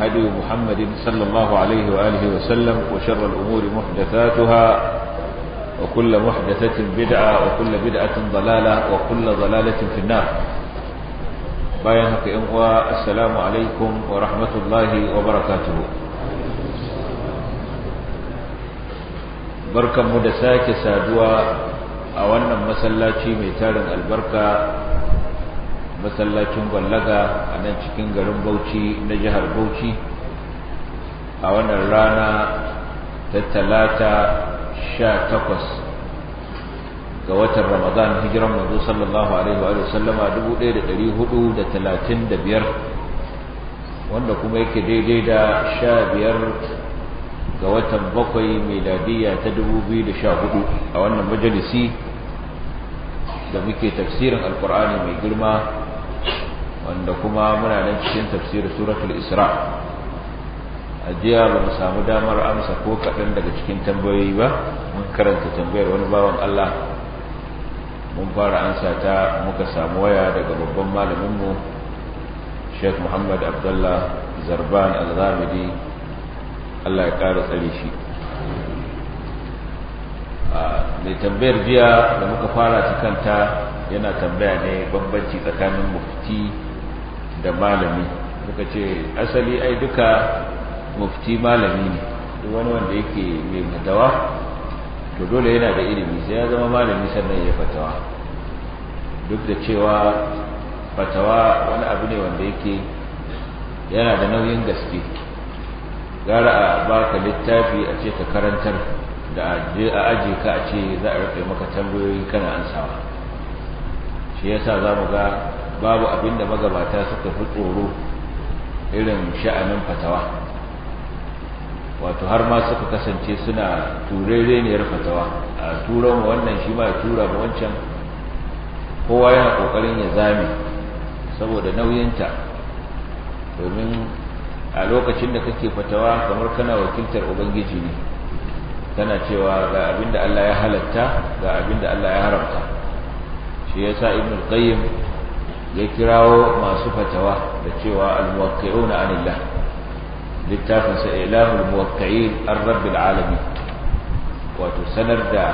هدي محمد صلى الله عليه وآله وسلم وشر الأمور محدثاتها وكل محدثة بدعة وكل بدعة ضلالة وكل ضلالة في النار بيانك إموى السلام عليكم ورحمة الله وبركاته بركة مدساك سادوا أولا مسلاتي ميتالا البركة masallacin gwallaga a nan cikin garin bauchi na jihar bauchi a wannan rana ta talata sha takwas ga watan ramadan hijiran manzo sallallahu alaihi wa sallama dubu daya da dari hudu da talatin da biyar wanda kuma yake daidai da sha biyar ga watan bakwai meladiya ta dubu biyu da sha hudu a wannan majalisi da muke tafsirin alkur'ani mai girma wanda kuma muna nan cikin tafsir suratul isra a jiya ba mu samu damar amsa ko kaɗan daga cikin tambayoyi ba mun karanta tambayar wani bawan Allah mun fara ansa ta muka samu waya daga babban malaminmu Sheikh Muhammad Abdullah Zarban Al-Zamidi Allah ya ƙara tsare shi mai tambayar jiya da muka fara ta yana tambaya ne bambanci tsakanin mufti da malami suka ce asali ai duka mufti malami ne duk wani wanda yake mai fatawa to dole yana da ilimi sai ya zama malami sannan ya fatawa duk da cewa fatawa wani abu ne wanda yake yana da nauyin gaske gara a baka littafi a ce ka karantar da a aje ka a ce za a rufe maka tambayoyi kana ansawa shi yasa za mu ga babu abin da magabata suka fi tsoro irin sha'anin fatawa wato har ma suka kasance suna turereniyar fatawa a turon wannan shi ma ya tura ba wancan kowa yana kokarin ya zame saboda nauyinta domin a lokacin da kake fatawa kamar kana wakiltar ubangiji ne kana cewa ga abin da Allah ya halatta ga abin da Allah ya haramta shi yasa ibn al-qayyim ya kirawo masu fatawa da cewa al-muwaqqi'una anillah littafin sa ilahu al-muwaqqi'in ar alamin wato sanar da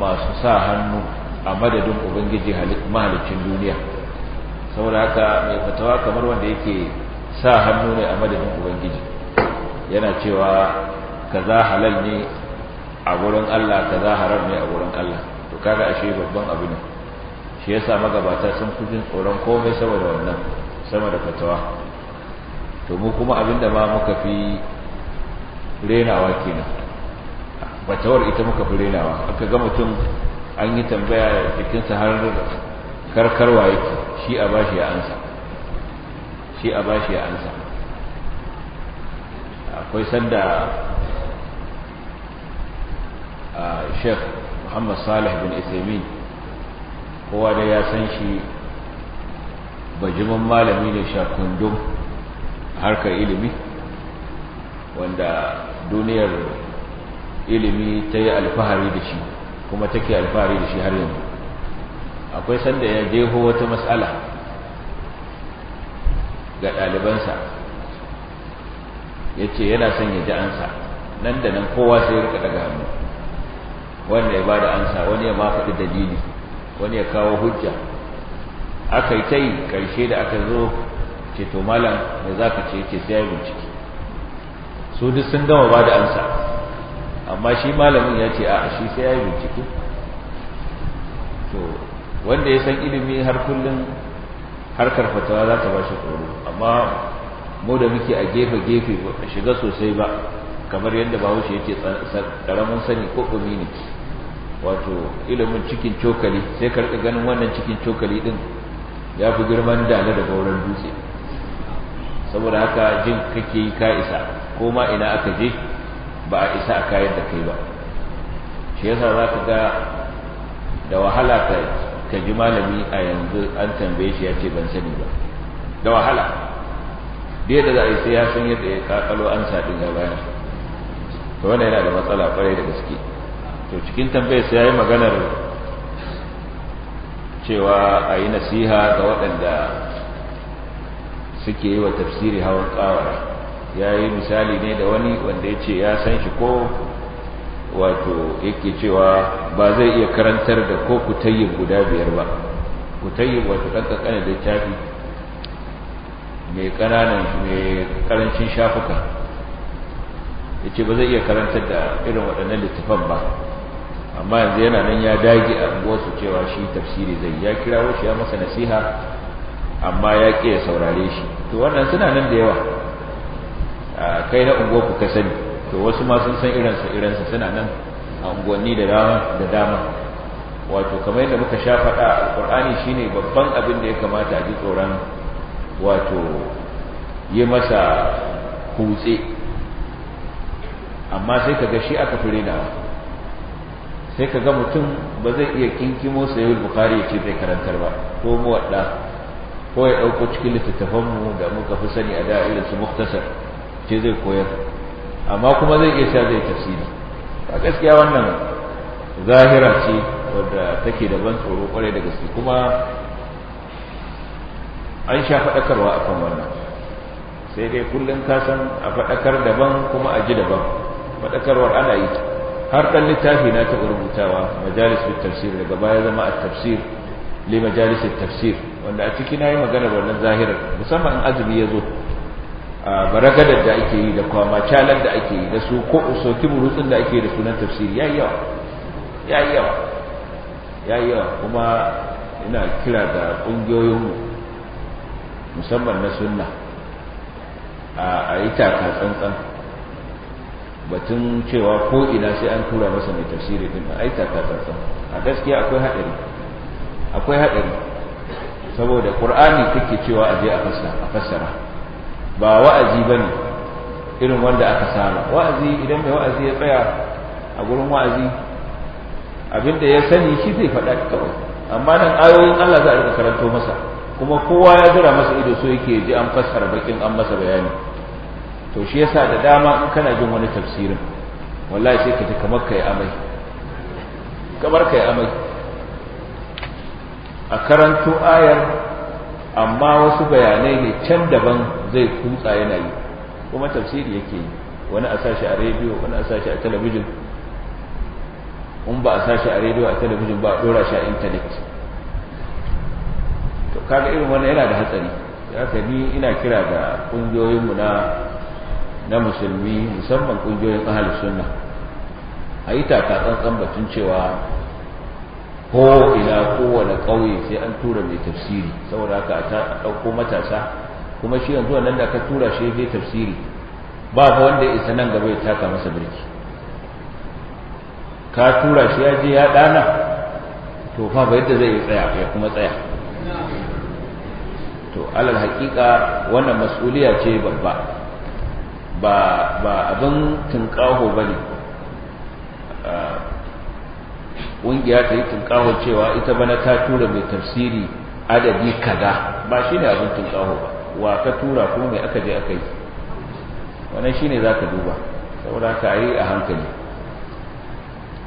masu sa hannu a madadin ubangiji mahalicin duniya saboda haka mai fatawa kamar wanda yake sa hannu ne a madadin ubangiji yana cewa kaza halal ne a wurin Allah kaza haram ne a wurin Allah to kaga ashe babban abu ne shi yasa magabata sun fi jin tsoron komai saboda wannan sama da fatawa to mu kuma abinda ma muka fi renawa kenan fatawar ita muka fi renawa aka ga mutum an yi tambaya jikinsa har karkarwa yake shi a bashi ya ansa shi a bashi ya ansa akwai sanda a sheikh muhammad salih bin isaimin kowa da ya san shi bajiman malami ne shakundun harkar ilimi wanda duniyar ilimi ta yi alfahari da shi kuma take alfahari da shi har yanzu akwai sanda ya jeho wata matsala ga ɗalibansa ya ce yana son ya ji ansa nan da nan kowa sai ya rika daga hannu wanda ya ba da ansa wani ya ma faɗi dalili wani ya kawo hujja aka yi ta yi ƙarshe da aka zo ce to malam mai za ka ce yake sai ya bincike su duk sun gama ba da amsa amma shi malamin ya ce a shi sai ya bincike to wanda ya san ilimi har kullum harkar fatawa za ta ba shi tsoro amma mu da muke a gefe-gefe ba shiga sosai ba kamar yadda bahaushe ya ce ƙaramin sani ko ƙumi ne wato ilimin cikin cokali sai ka rika ganin wannan cikin cokali ɗin ya fi girman dala da gauran dutse saboda haka jin kake yi ka isa ko ma ina aka je ba a isa a kayan da kai ba shi yasa za ka ga da wahala ka ji malami a yanzu an tambaye shi ya ce ban sani ba da wahala biyar da za a yi sai ya san yadda ya kakalo an sa ɗin gaba to wanda yana da matsala kwarai da gaske to cikin tambayar sai yayi maganar cewa a yi nasiha ga waɗanda suke yi wa tafsiri hawan kawara ya yi misali ne da wani wanda ya ce ya san shi ko wato yake cewa ba zai iya karantar da ko kutayyib guda biyar ba kutayyib wato ɗan da tafi mai ƙananan mai ƙarancin shafuka ya ce ba zai iya karantar da irin waɗannan littafan ba amma yanzu yana nan ya dage a unguwarsu cewa shi tafsiri zai ya kira wasu ya masa nasiha amma ya ƙi ya saurare shi to wannan suna nan da yawa kai na unguwarku ka sani to wasu ma sun san irinsa irinsa suna nan a unguwanni da dama da dama wato kamar yadda muka sha faɗa a alƙur'ani shine babban abin da ya kamata a ji tsoron wato yi masa kutse amma sai ka ga shi aka fi renawa sai ka ga mutum ba zai iya kinkimo sayi bukari ya ce zai karantar ba ko mu waɗa ko ya ɗauko cikin littattafanmu da muka fi sani a da'irin su muktasar ce zai koyar amma kuma zai iya sa zai tafsiri a gaskiya wannan zahira ce wadda take da ban tsoro kwarai da gaske kuma an sha faɗakarwa kan wannan sai dai kullum ka san a faɗakar daban kuma a ji daban faɗakarwar ana yi har ɗan littafi na taɓa rubutawa majalisun tafsir daga baya zama a tafsir le majalisun tafsir wanda a ciki na yi maganar wannan zahirar musamman in azumi ya zo a baragadar da ake yi da kwama calar da ake yi da su ko soki burutsun da ake yi da sunan tafsir ya yi yawa ya yi yawa ya yi yawa kuma ina kira da ƙungiyoyinmu musamman na sunna a yi taka tsantsan batun cewa ko ina sai an tura masa mai tafsiri din ai takatarsa a gaskiya akwai haɗari akwai haɗari saboda qur'ani kake cewa a je a fassara ba wa'azi bane irin wanda aka saba wa'azi idan mai wa'azi ya tsaya a gurin wa'azi abinda ya sani shi zai faɗa kawai amma nan ayoyin Allah za a rika karanto masa kuma kowa ya jira masa ido so yake ji an fassara bakin an masa bayani to shi yasa da dama in kana jin wani tafsirin wallahi sai ka ji kamar kai amai kamar kai amai a karanto ayar amma wasu bayanai ne can daban zai kutsa yana yi kuma tafsiri yake yi wani a sashi a rediyo wani a sashi a talabijin in ba a sashi a rediyo a talabijin ba a dora shi a intanet to kaga irin wannan yana da hatsari ya ni ina kira ga ƙungiyoyinmu na na musulmi musamman ƙungiyoyin ahalus sunna a yi taka tsantsan batun cewa ko ina kowane ƙauye sai an tura mai tafsiri saboda haka a ɗauko matasa kuma shi yanzu nan da ka tura shi zai tafsiri ba fa wanda ya isa nan gaba ya taka masa birki ka tura shi ya je ya ɗana to fa ba yadda zai tsaya ya kuma tsaya to alal haƙiƙa wannan mas'uliya ce babba ba abin tunƙaho ba ne ƙungiya ta yi tunƙaho cewa ita bana ta tura mai tafsiri adadi kaza ba shi ne abin tunƙaho ba wa ka tura kuma mai aka je aka yi wannan shi ne za ka duba saboda ka yi a hankali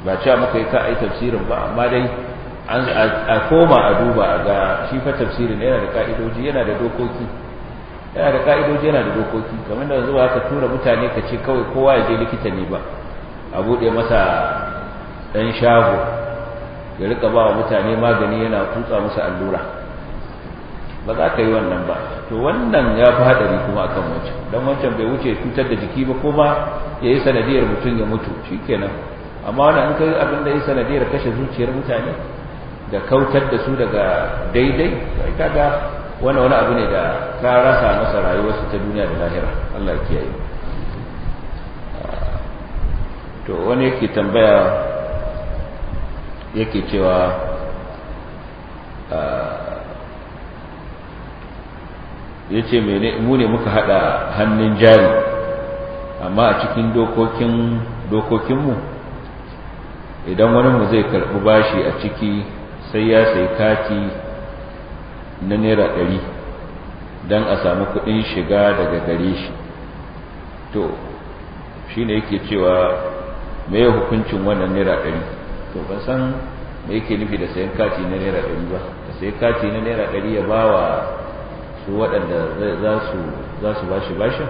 ba cewa muka yi ka a yi tafsirin ba amma dai a koma a duba a ga shi fa tafsirin yana da ka'idoji yana da dokoki yana da ka'idoji yana da dokoki kamar da zuwa ka tura mutane ka ce kawai kowa ya je likita ne ba a buɗe masa ɗan shago ya rika ba wa mutane magani yana kutsa musu allura ba za ka yi wannan ba to wannan ya fi haɗari kuma akan wancan don wancan bai wuce cutar da jiki ba kuma ya yi sanadiyar mutum ya mutu shi kenan amma wannan in ka yi abin da ya yi sanadiyar kashe zuciyar mutane da kautar da su daga daidai ka ga. wanda wani abu ne da ka rasa masa rayuwarsa ta duniya da lahira Allah kiyaye to wani yake tambaya yake cewa ah, ya ce mu ne muka haɗa hannun jari amma a cikin dokokinmu idan wani mu zai karɓi bashi a ciki sai ya sai kati na naira ɗari don a samu kuɗin shiga daga gare shi to shi ne yake cewa mai hukuncin wannan naira ɗari to ban san me yake nufi da sayan kati na naira ɗari ba da sayan kati na naira ɗari ya ba wa su waɗanda za su ba shi bashin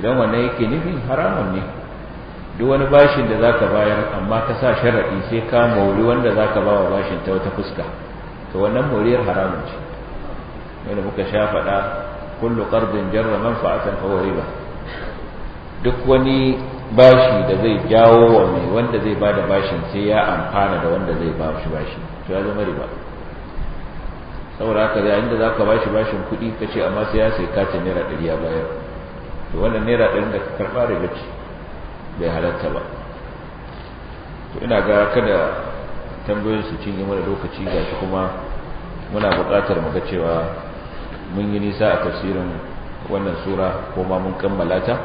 idan wannan yake nufi haramun ne duk wani bashin da zaka bayar amma ka sa sharaɗi sai ka mori wanda zaka ba wa bashin ta wata fuska to wannan moriyar haramun ce wanda muka sha faɗa kullu qardin jarra manfa'atan fa riba duk wani bashi da zai jawo wa mai wanda zai bada bashin sai ya amfana da wanda zai ba shi bashi to ya zama riba saboda haka yayin da zaka bashi bashin kuɗi kace amma sai ya sai katin naira ɗari ya bayar to wannan naira ɗarin da ka karɓa riba ce bai halatta ba to ina ga kada tambayoyin su cinye mana lokaci gashi kuma muna buƙatar mu ga cewa mun yi nisa a tafsirin wannan sura ko mun kammala ta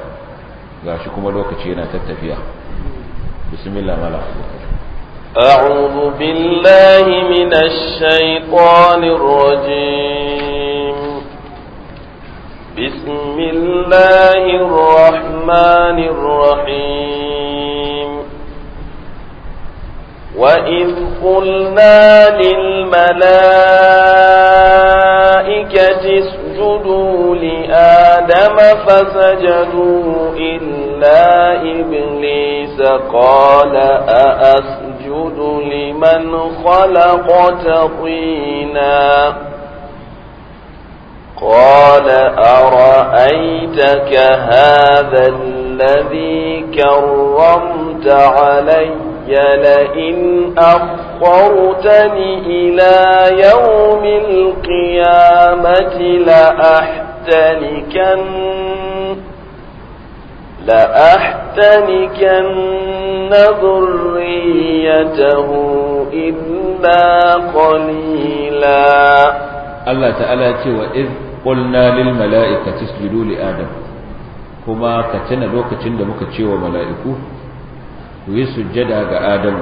gashi kuma lokaci yana tattafiya bismillah mala a'udhu billahi minash shaitanir rajim bismillahir rahmanir rahim wa idh qulna lil malaa الملائكة اسجدوا لآدم فسجدوا إلا إبليس قال أأسجد لمن خلقت طينا قال أرأيتك هذا الذي كرمت عليه لئن أخرتني إلى يوم القيامة لأحتنكن لأحتنكن ذريته إلا قليلا الله تعالى وإذ قلنا للملائكة اسجدوا لآدم كما كتن لوكتن دمك تشيو ملائكوه ku yi sujjada ga adamu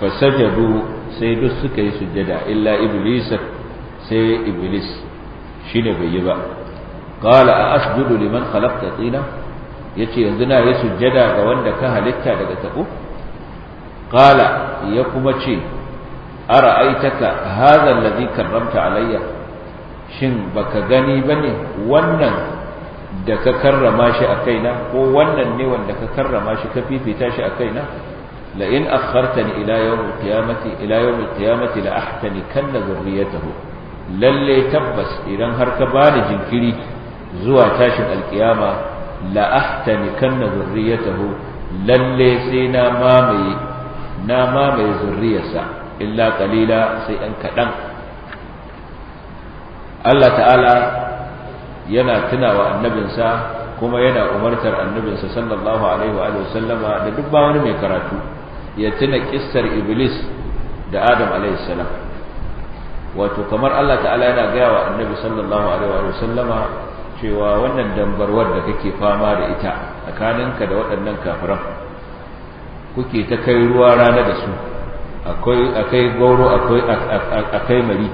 fasajadu sai duk suka yi sujjada illa iblis sai iblis shine bai yi ba qala a asjudu liman khalaqta tina yace yanzu na yi sujjada ga wanda ka halitta daga tabo qala ya kuma ce ara'aitaka hadha alladhi karramta alayya shin baka gani bane wannan da ka karrama shi a kaina ko wannan ne wanda ka karrama shi ka fifita shi a kaina la in akhartani ila yawmil qiyamati ila yawmil qiyamati la ahtani kan zurriyatahu lalle tabbas idan har ka bani jinkiri zuwa tashin alkiyama la ahtani kan zurriyatahu lalle sai na mamaye na mamaye zurriyarsa illa qalila sai an kadan Allah ta'ala yana tunawa annabinsa kuma yana umartar annabinsa sallallahu alaihi wa sallama da duk ba wani mai karatu ya tuna kissar iblis da adam alaihi salam wato kamar Allah ta'ala yana gaya wa annabi sallallahu alaihi wa sallama cewa wannan dambarwar da kake fama da ita tsakaninka da waɗannan kafiran kuke ta kai ruwa rana da su akwai akai gauro akwai akai mari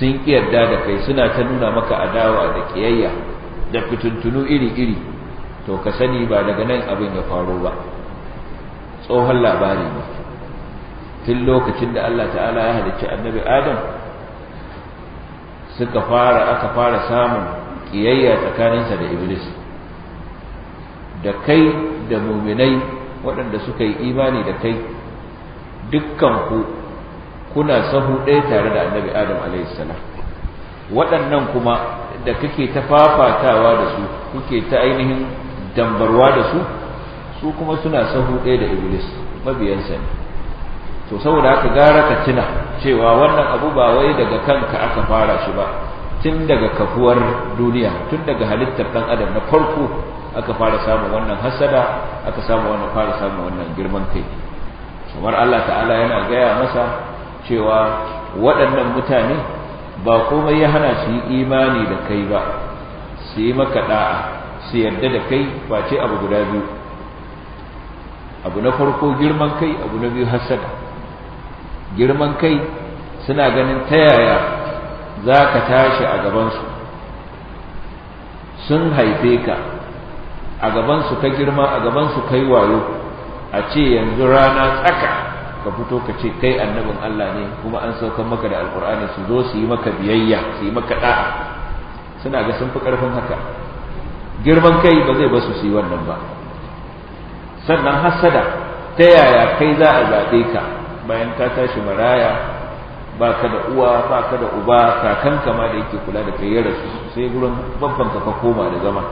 sun ƙi yarda da kai suna ta nuna maka adawa da ƙiyayya da fituntunu iri-iri to ka sani ba daga nan abin ya faru ba tsohon labari ne tun lokacin da Allah ta'ala ya halicci annabi adam suka fara aka fara samun ƙiyayya tsakaninsa da iblis da kai da muminai waɗanda suka yi imani da kai dukkan ku kuna sahu ɗaya tare da annabi adam alaihissalam waɗannan kuma da kake ta fafatawa da su kuke ta ainihin dambarwa da su su kuma suna sahu ɗaya da iblis mabiyansa ne to saboda haka gara ka tuna cewa wannan abu ba wai daga kanka aka fara shi ba tun daga kafuwar duniya tun daga halittar ɗan adam na farko aka fara samun wannan hasada aka samu wannan fara samun wannan girman kai kamar Allah ta'ala yana gaya masa cewa waɗannan mutane ba komai ya hana su yi imani da kai ba su yi maka da'a su yarda da kai face abu guda biyu abu na farko girman kai abu na biyu hasada girman kai suna ganin ta yaya za ka tashi a gabansu sun haife ka a gabansu ka girma a gabansu kai wayo a ce yanzu rana tsaka ka fito ka ce kai annabin Allah ne kuma an saukar maka da alkur'ani su zo su yi maka biyayya su yi maka da'a suna ga sun fi karfin haka girman kai ba zai basu su yi wannan ba sannan hasada ta yaya kai za a zaɓe ka bayan ta tashi maraya ba ka da uwa ba ka da uba kakanka ma da yake kula da kai ya rasu sai gurin babban ka koma da zama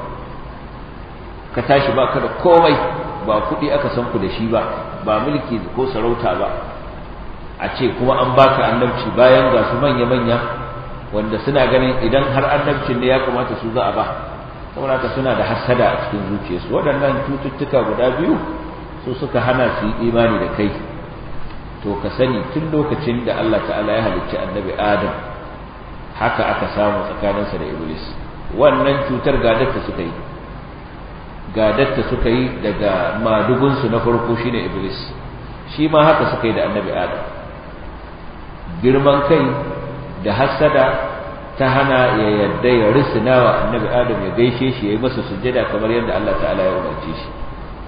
ka tashi ba ka da komai ba kuɗi aka san ku da shi ba ba mulki ko sarauta ba a ce kuma an baka annabci bayan ga su manya-manya wanda suna ganin idan har annabcin ne ya kamata su za a ba saboda ka suna da hassada a cikin zuciyarsu waɗannan cututtuka guda biyu su suka hana su yi imani da kai to ka sani tun lokacin da Allah ta'ala ya halicci annabi Adam haka aka samu tsakaninsa da Iblis wannan cutar ga ta suka yi ga datta suka yi daga madugunsu na farko shine iblis shi ma haka suka yi da annabi adam girman kai da hasada ta hana ya yadda ya risinawa annabi adam ya gaishe shi ya yi masa sujjada kamar yadda Allah ta'ala ya umarce shi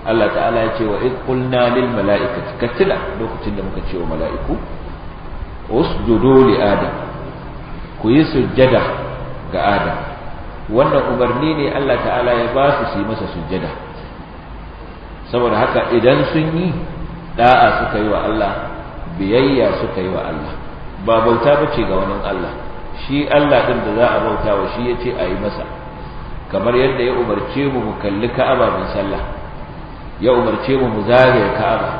Allah ta'ala ya ce wa id qulna lil mala'ikati katila lokacin da muka ce wa mala'iku usjudu li adam ku yi sujjada ga adam wannan umarni ne Allah ta'ala ya ba su su yi masa sujjada saboda haka idan sun yi da'a suka yi wa Allah biyayya suka yi wa Allah ba bauta ce ga wani Allah shi Allah ɗin da za a bauta wa shi yace a yi masa kamar yadda ya umarce mu mu kalli Ka'aba mun sallah ya umarce mu mu zagaye Ka'aba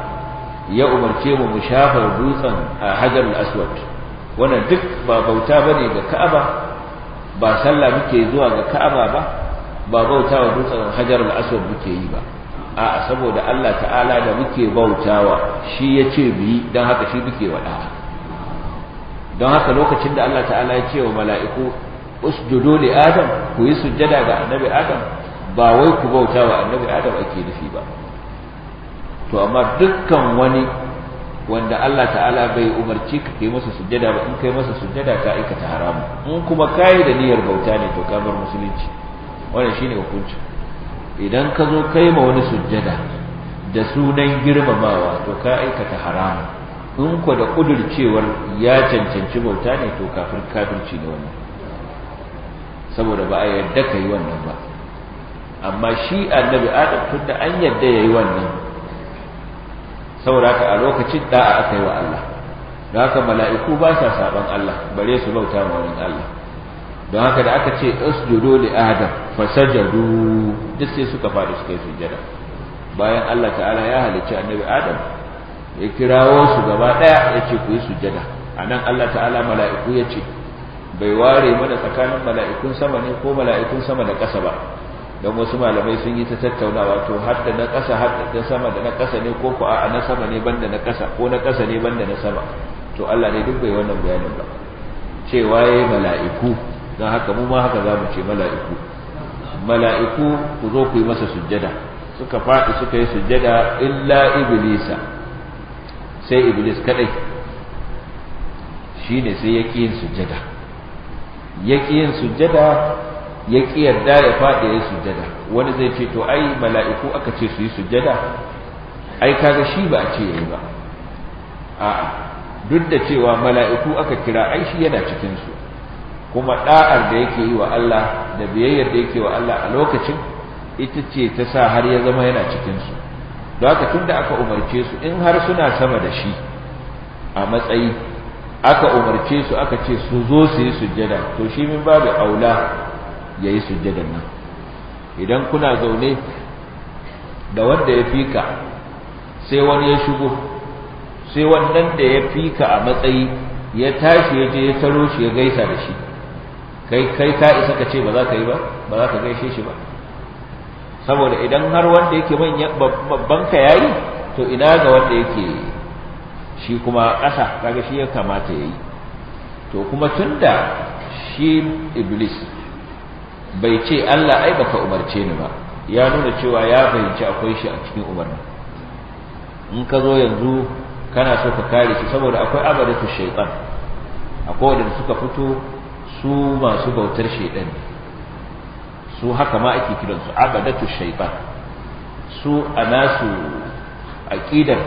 ya umarce mu mu shafa dutsen a Hajar al-Aswad wannan duk ba bauta bane ga Ka'aba ba sallah muke zuwa ga ka'aba ba ba bautawa dutsen hajar aswad muke yi ba a'a saboda Allah ta'ala da muke bautawa shi ya ce bi don haka shi muke wada don haka lokacin da Allah ta'ala ya ce wa mala'iku usjudu li adam ku yi sujjada ga annabi adam ba wai ku bautawa annabi adam ake nufi ba to amma dukkan wani wanda Allah ta'ala bai umarci ka kai masa sujjada ba in kai masa sujjada ka aikata haramu in kuma kai da niyyar bauta ne to ka bar musulunci wannan shine hukunci idan ka zo kai ma wani sujjada da sunan girmamawa to ka aikata haramu in ku da kudurcewar ya cancanci bauta ne to kafir kafirci ne wannan saboda ba a yarda ka wannan ba amma shi annabi adam tunda an yarda yayi wannan saboda haka a lokacin da'a aka yi wa Allah don haka mala'iku ba sa saban Allah bare su bauta wa wani Allah don haka da aka ce usjudu li adam fasajadu duk sai suka fara suka yi sujada bayan Allah ta'ala ya halicci annabi adam ya kirawo su gaba ɗaya ya ce ku yi sujjada anan Allah ta'ala mala'iku ya ce bai ware mana tsakanin mala'ikun sama ne ko mala'ikun sama da ƙasa ba don wasu malamai sun yi ta tattaunawa to har da na ƙasa har da sama da na ƙasa ne ko ko a na sama ne banda na ƙasa ko na ƙasa ne banda na sama to Allah ne duk bai wannan bayanin ba cewa yayi mala'iku don haka mu ma haka zamu ce mala'iku mala'iku ku zo ku yi masa sujjada suka faɗi suka yi sujjada illa iblisa sai iblis kadai shine sai yake yin sujjada yaki yin sujjada ya ƙi yarda ya faɗi ya sujada, wani zai ce to ai mala'iku aka ce su yi sujada? ai kaga shi ba a ce yayi ba a duk da cewa mala'iku aka kira ai shi yana cikinsu, kuma ɗa'ar da yake yi wa Allah da biyayyar da yake wa Allah a lokacin ita ce ta sa har ya zama yana cikinsu. su don haka tunda aka umarce su in har suna sama da shi a matsayi aka umarce su aka ce su zo su yi sujada, to shi min babu aula ya yi sujjadan nan idan kuna zaune da wanda ya fika sai wani ya shigo sai wannan da ya fika a matsayi ya tashi ya je ya taro shi ya gaisa da shi kai kai ka isa ka ce ba za ka yi ba ba za ka gaishe shi ba saboda idan har wanda yake manyan babban ka yayi to ina ga wanda yake shi kuma ƙasa kaga shi ya kamata yayi to kuma tunda shi iblis bai ce Allah ai baka umarce ni ba ya nuna cewa ya fahimci akwai shi a cikin umarni in ka zo yanzu kana so ka kare shi saboda akwai abadatu shaytan akwai wanda suka fito su masu bautar shaytan su haka ma ake kiransu abadatu shaytan su a nasu aqidar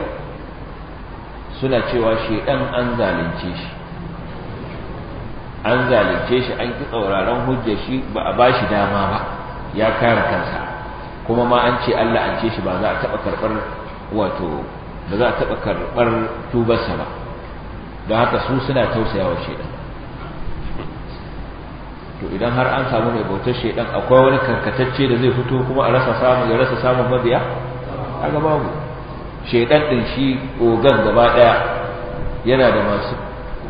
suna cewa shaytan an zalunce shi an zalunce shi an ki tsauraran hujjar shi ba a bashi dama ba ya kare kansa kuma ma an ce Allah an ce shi ba za a taba karbar wato ba za a taba karbar tubarsa ba don haka su suna tausayawa shedan to idan har an samu mai bautar shedan akwai wani karkatacce da zai fito kuma a rasa samu ya rasa samun mabiya kaga babu shedan din shi ogan gaba daya yana da masu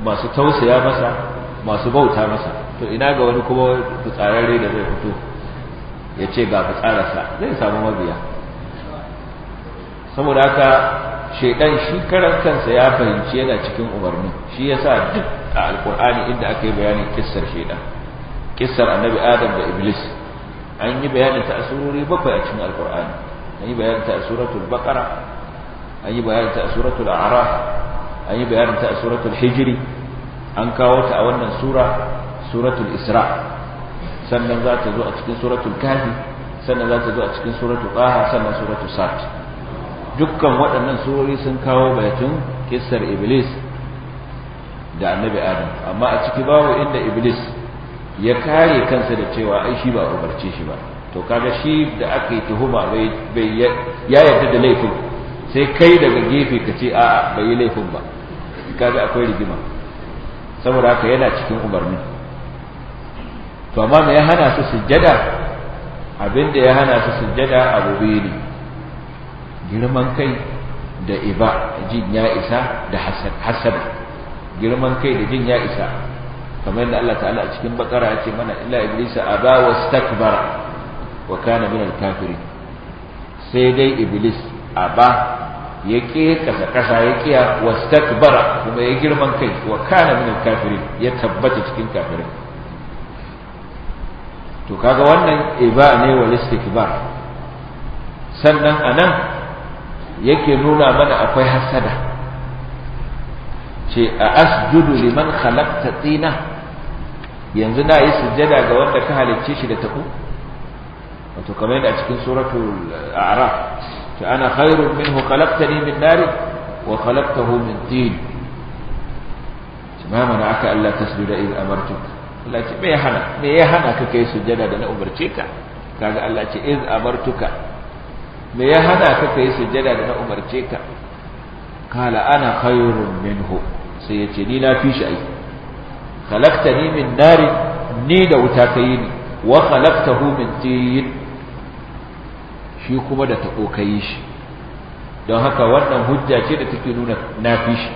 masu tausaya masa masu bauta masa to ina ga wani kuma tsararre da zai fito ya ce ga tsararsa zai samu mabiya saboda haka shaidan shi karan kansa ya fahimci yana cikin umarni shi yasa duk a alkur'ani inda aka yi bayanin kissar shaidan kissar annabi adam da iblis an yi bayanin ta asurori bakwai a cikin alkur'ani an yi bayanin ta suratul baqara an yi bayanin ta suratul a'raf an yi bayanin ta suratul hijri an kawo ta a wannan sura suratul isra sannan za ta zo a cikin suratul kahi sannan za ta zo a cikin suratul qaha sannan suratul sat dukkan waɗannan surori sun kawo batun kissar iblis da annabi adam amma a ciki babu inda iblis ya kare kansa da cewa ai shi ba ubarce shi ba to kaga shi da aka yi tuhuma bai ya yarda da laifin sai kai daga gefe ka ce a'a bai yi laifin ba kaga akwai rigima saboda haka yana cikin umarni to amma me ya hana su sujjada abinda ya hana su sujjada abu biyu ne girman kai da iba jin ya isa da hasad girman kai da jin ya isa kamar yadda Allah ta'ala a cikin bakara ya ce mana illa Iblis aba wastakbara wa kana al kafirin sai dai iblis aba ya kasa kasa ya kiya wastakbara kuma ya girman kai wa kana min kafirin ya tabbata cikin kafirin to kaga wannan iba ne wa istikbar sannan anan yake nuna mana akwai hasada ce a asjudu liman khalaqta tsina yanzu na yi sujada ga wanda ka halicce shi da taku wato kamar yadda a cikin suratul a'raf ta ana khairun minhu khalaqtani min nar wa khalaqtahu min tin ma mana aka Allah tasjuda in amartuk Allah ce me ya hana me ya hana ka sujada da na umarce ka kaga Allah ce iz amartuka me ya hana ka sujada da na umarce ka kala ana khairun minhu sai ni min ni da wuta kai ni wa min shi kuma da ta ka shi don haka wannan hujja ce da take nuna na fi shi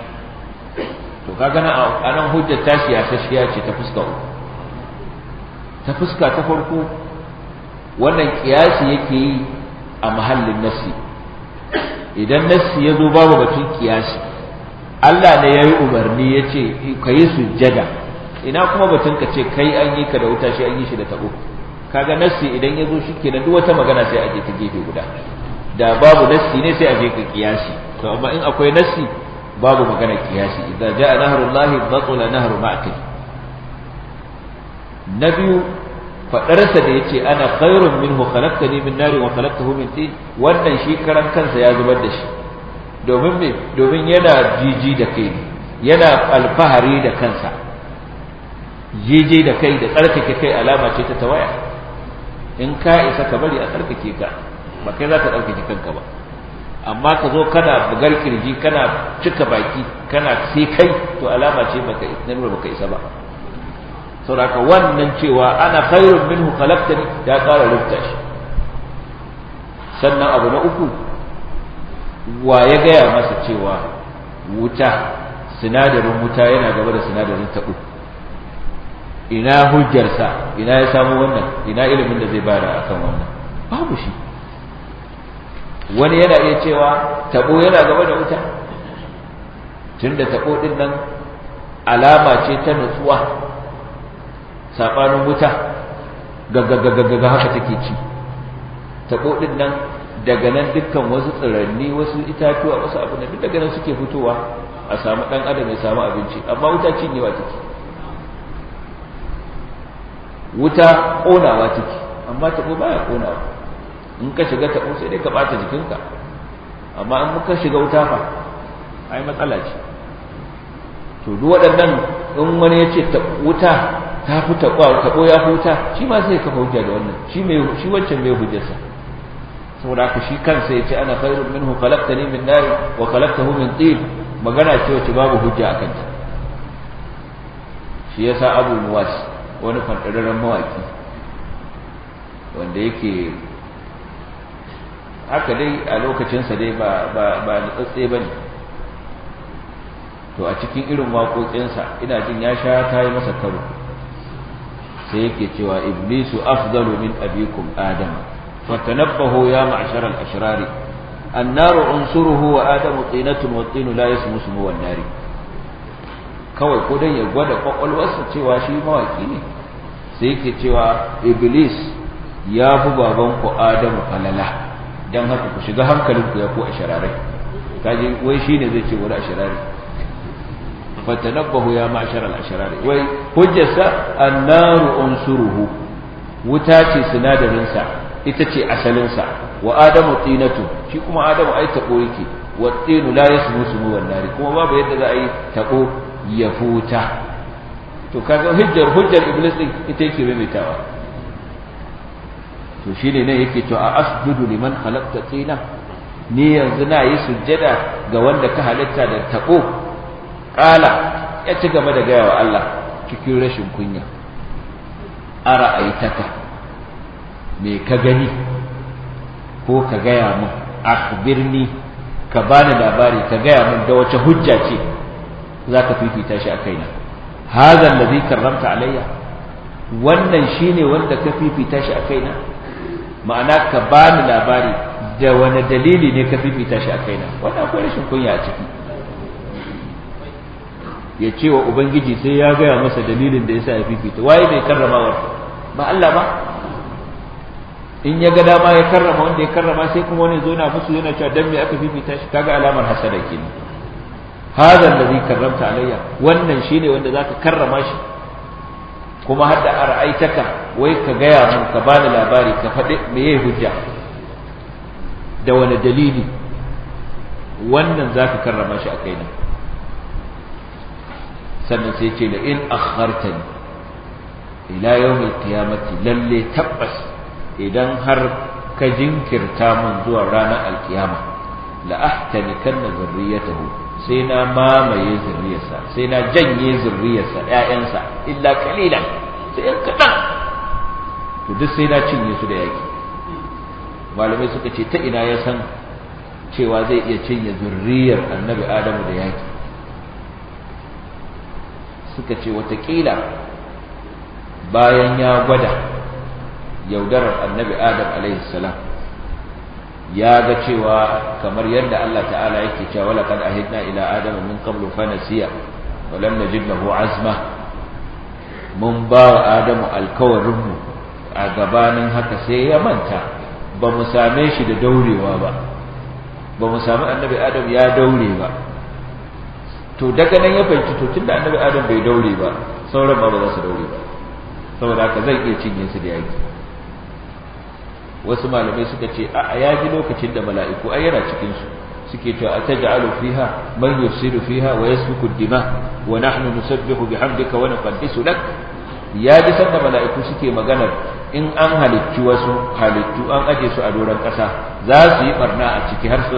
to kaga na anan hujjar tashi ya ya ce ta fuska uku ta fuska ta farko wannan kiyasi yake yi a mahallin nasi idan nasi ya zo babu batun kiyasi Allah ne ya yi umarni ya ce ka yi sujjada ina kuma batun ka ce kai an yi ka da wuta shi an yi shi da taɓo kaga nassi idan ya zo shi kenan duk wata magana sai a je ta gefe guda da babu nassi ne sai a je ka kiyasi to amma in akwai nassi babu magana kiyasi idza jaa nahrullahi batala nahru ma'qil nabiyu fadarsa da yace ana khairun minhu khalaqtani min nari wa khalaqtahu min tin wannan shi karan kansa ya zubar da shi domin me domin yana jiji da kai yana alfahari da kansa jiji da kai da tsarkake kai alama ce ta tawaya in ka isa ka bari a tsarkake ka ba kai za ka tsarkake kanka ba amma ka zo kana bugar kirji kana cika baki kana sai kai to alama ce baka ba baka isa ba saboda wannan cewa ana khairun minhu khalaqtani ya kara rubuta shi sannan abu na uku wa ya gaya masa cewa wuta sinadarin wuta yana gaba da sinadarin taɓo ina hujjarsa ina ya samu wannan ina ilimin da zai bada akan wannan babu shi wani yana iya cewa tabo yana gaba da wuta tunda tabo din nan alama ce ta nutsuwa sabanin wuta gaggagaggaga haka take ci tabo din nan daga nan dukkan wasu tsiranni wasu itatuwa wasu abu da duk daga nan suke fitowa a samu dan adam ya samu abinci amma wuta cinyewa take wuta ƙonawa take amma taɓo baya ƙonawa in ka shiga taɓo sai dai ka ɓata jikinka amma in ka shiga wuta fa ai matsala ce to duk waɗannan in wani ya ce wuta ta fi ta taɓo ya fi wuta shi ma sai kafa hujja da wannan shi mai shi wancan mai hujjarsa saboda haka shi kansa ya ce ana khairun minhu khalaqtani min nar wa khalaqtahu min tin magana ce wacce babu hujja akan ta shi yasa abu muwas wani fantararren mawaki wanda yake haka dai a lokacinsa dai ba tsatsai ba ne to a cikin irin waƙoƙinsa ina jin ya sha ta yi masa karo sai yake cewa iblisu afdalu min abikum adama fatanabbahu ya ma'ashar al-ashrari annaru unsuruhu wa adamu tinatun wa tinu la yasmusu wa nari kawai ko dan ya gwada kwakwalwarsa cewa shi mawaki ne sai yake cewa iblis ya fi babanku adamu falala don haka ku shiga hankalinku ya ko a sharare kaji wai shi ne zai ce wani a shararai fatanabbahu ya ma'ashar al-ashrari wai hujjarsa annaru unsuruhu wuta ce sinadarinsa ita ce asalinsa wa adamu tinatu shi kuma adamu ai tabo yake wa tinu la yasmusu nari kuma babu yadda za a yi tabo ya huta to kaga hujjar hujjar iblis din ita yake maimaitawa to shine ne yake to a asjudu liman khalaqta tina ni yanzu na yi sujjada ga wanda ka halitta da tabo kala ya ci gaba da gaya wa Allah cikin rashin kunya ara aitaka me ka gani ko ka gaya min akhbirni ka bani labari ka gaya min da wace hujja ce za ka fifita shi a kaina hazan da zai karramta alayya wannan shine wanda ka fifita shi a kaina ma'ana ka bani labari da wani dalili ne ka fifita shi a kaina wannan akwai rashin kunya a ciki ya ce wa ubangiji sai ya gaya masa dalilin da yasa ya fifita waye bai wa ba Allah ba in ya ga dama ya karrama wanda ya karrama sai kuma wani zo na musu yana cewa dan me aka fifita shi kaga alamar hasada kenan hadha alladhi karramta alayya wannan shine wanda zaka karrama shi kuma har da ar'aitaka wai ka gaya mun ka bani labari ka faɗi meye hujja da wani dalili wannan zaka karrama shi a kaina sannan sai ce da in akhartani ila yawmil qiyamati lalle tabbas idan har ka jinkirta mun zuwa ranar alkiyama la ya taho. sai na mamaye zurriyarsa sai na janye zurriyarsa ƴaƴansa illa kalila, sai in kadan to duk sai na cinye su da yaki malamai suka ce ta ina ya san cewa zai iya cinye zurriyar annabi adamu da yaki suka ce watakila bayan ya gwada yaudarar annabi adam alaihi salam ya ga cewa kamar yadda Allah ta'ala yake cewa laqad ahidna ila adama min qablu fa nasiya wa lam najid lahu azma mun ba adamu alkawarin mu a gabanin haka sai ya manta ba mu same shi da daurewa ba ba mu sami annabi adam ya daure ba to daga nan ya fahimci to tunda annabi adam bai daure ba sauran ba ba za su daure ba saboda haka zai iya cinye su da yaki wasu malamai suka ce a ya ji lokacin da mala'iku ai yana cikin su suke a ataj'alu fiha man yusiru fiha wa yasfiku dima wa nahnu nusabbihu bihamdika wa nuqaddisu lak ya ji sanda mala'iku suke maganar in an halittu wasu halittu an aje su a doron ƙasa za su yi barna a ciki har su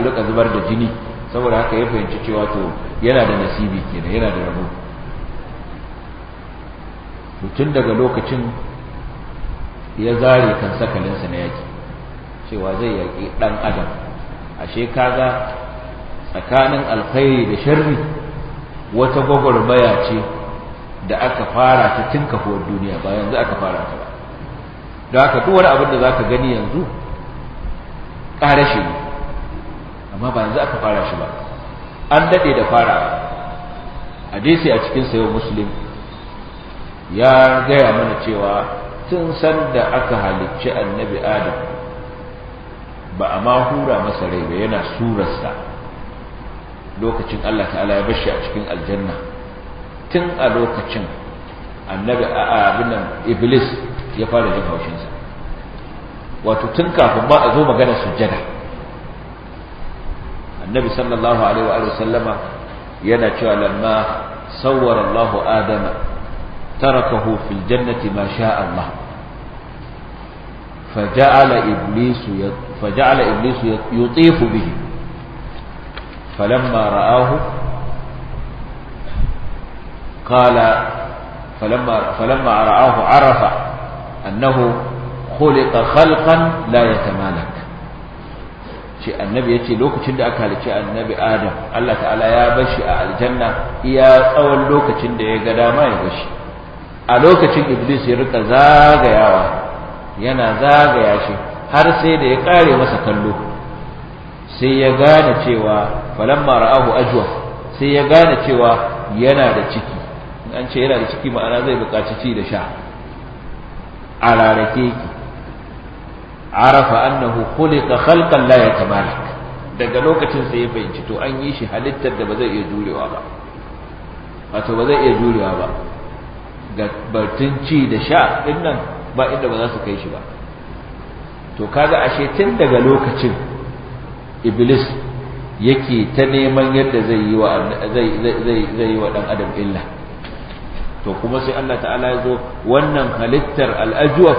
rika zubar da jini saboda haka ya fahimci cewa to yana da nasibi kenan yana da rabo tun daga lokacin ya zare kan sakalinsa na yaki cewa zai yaki ɗan adam ashe kaga tsakanin alkhairi da sharri wata gwagwarmaya ce da aka fara ta tun kafuwar duniya ba yanzu aka fara ta ba da haka duk wani abin da za ka gani yanzu ƙara shi ne amma ba yanzu aka fara shi ba an daɗe da fara hadisi a cikin sayo muslim ya gaya mana cewa tun sanda aka halicci annabi adam ba a ma hura masa rai ba yana surarsa lokacin Allah ta'ala ya bashi a cikin aljanna tun a lokacin annabi a abinan iblis ya fara jin haushinsa wato tun kafin ba a zo magana sujjada annabi sallallahu alaihi wa sallama yana cewa lamma sawwara Allahu adama تركه في الجنة ما شاء الله فجعل إبليس فجعل إبليس يطيف به فلما رآه قال فلما فلما رآه عرف أنه خلق خلقا لا يتمالك شيء النبي يأتي لوك تشند أكل شيء النبي آدم الله تعالى يا بشي الجنة يا أول لوك تشند يقدام ما يبشي a lokacin iblis ya rika zagayawa yana zagaya shi har sai da ya kare masa kallo sai ya gane cewa falamma ra'ahu ajwa sai ya gane cewa yana da ciki an ce yana da ciki ma'ana zai buƙaci ci da sha a rarake ki arafa annahu khuliqa khalqan la yatamalik daga lokacin sai ya fahimci to an yi shi halittar da ba zai iya jurewa ba wato ba zai iya jurewa ba ga batun ci da sha ɗin nan ba inda ba za su kai shi ba to kaga ashe tun daga lokacin iblis yake ta neman yadda zai yi wa zai wa dan adam illa to kuma sai Allah ta'ala ya zo wannan halittar al'ajwaf